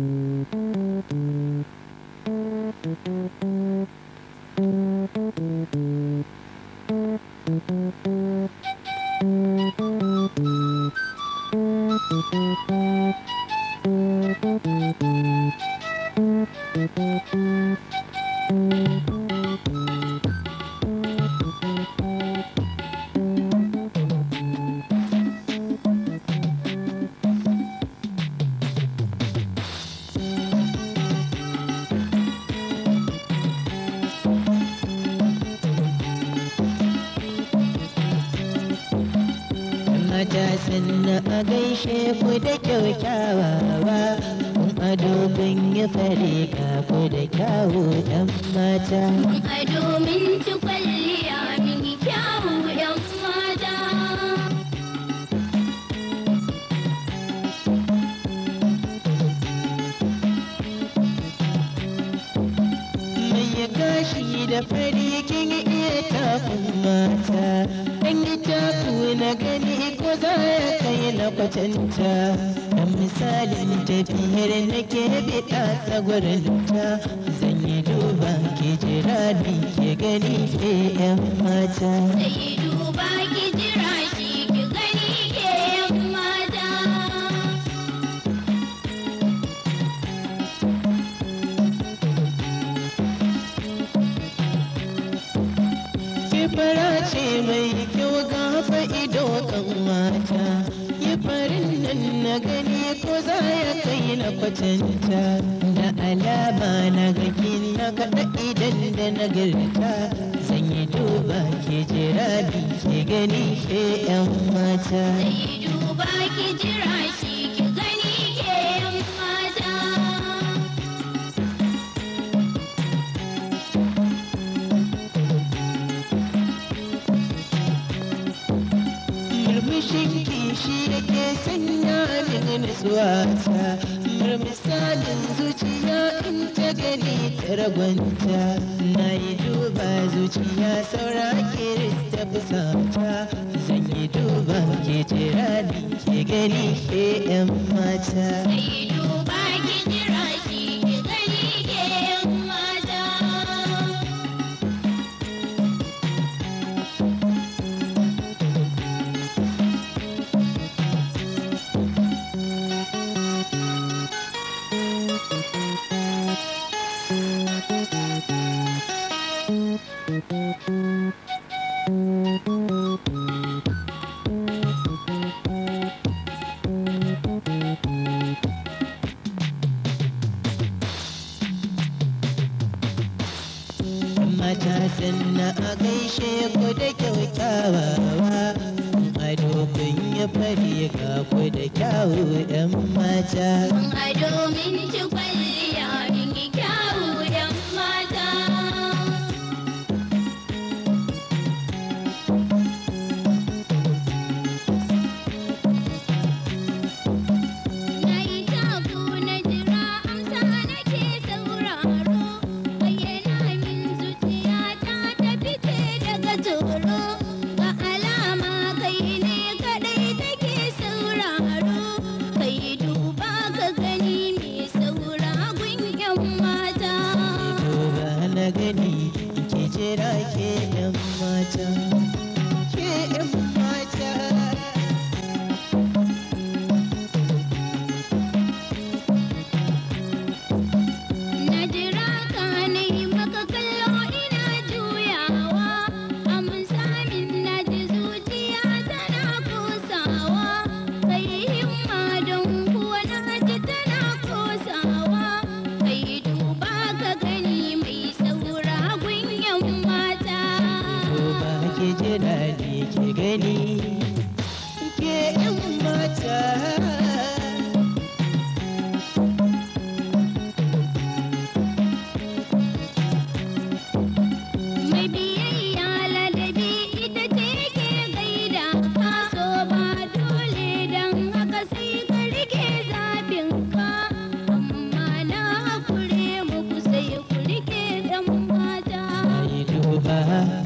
Thank you. mata sannan a gaishe ku da kyaukyawawa kun ado kun yi fare ka ku da kyawu ɗan mata. Kun yan mata. da fari kin iya mata. ɗan itatu na gani ko za ka na kwatanta a misalin tafiyar na ke biɗa tsagwarin ta zan yi duba ke jira ke gani ke yan mata. Zan yi duba ke jira fara ce mai kyau gafa ido kan mata ya farin nan na gani ko za ya kai na kwatanta da alama na gaki na kaɗa idan da nagarta zan yi duba ke jira ke gani ke yan mata. Zan yi duba ke jira shi murmushin kishi da ke sanya min nutsuwa ta mar misalin zuciya in ta gani ta ragwanta na yi duba zuciya saura kiris ta fusata zan yi duba ke jira ke gani ke yan mata matasan na a gaishe ku da kyaukyawawa ado kun yi fari ga ku da kyawu 'yan mata. Ado min ಮಗನೇ kirani ke gani ke yan mata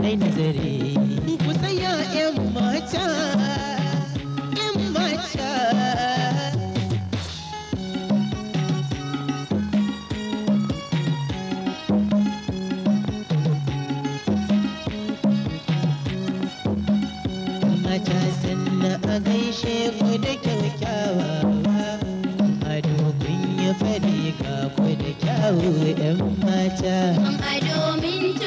dai nazari ku tsaya yan mata yan mata mata sanna a gaishe ku da kyakkyawa ya kun yi ga ku da kyawu yan mata domin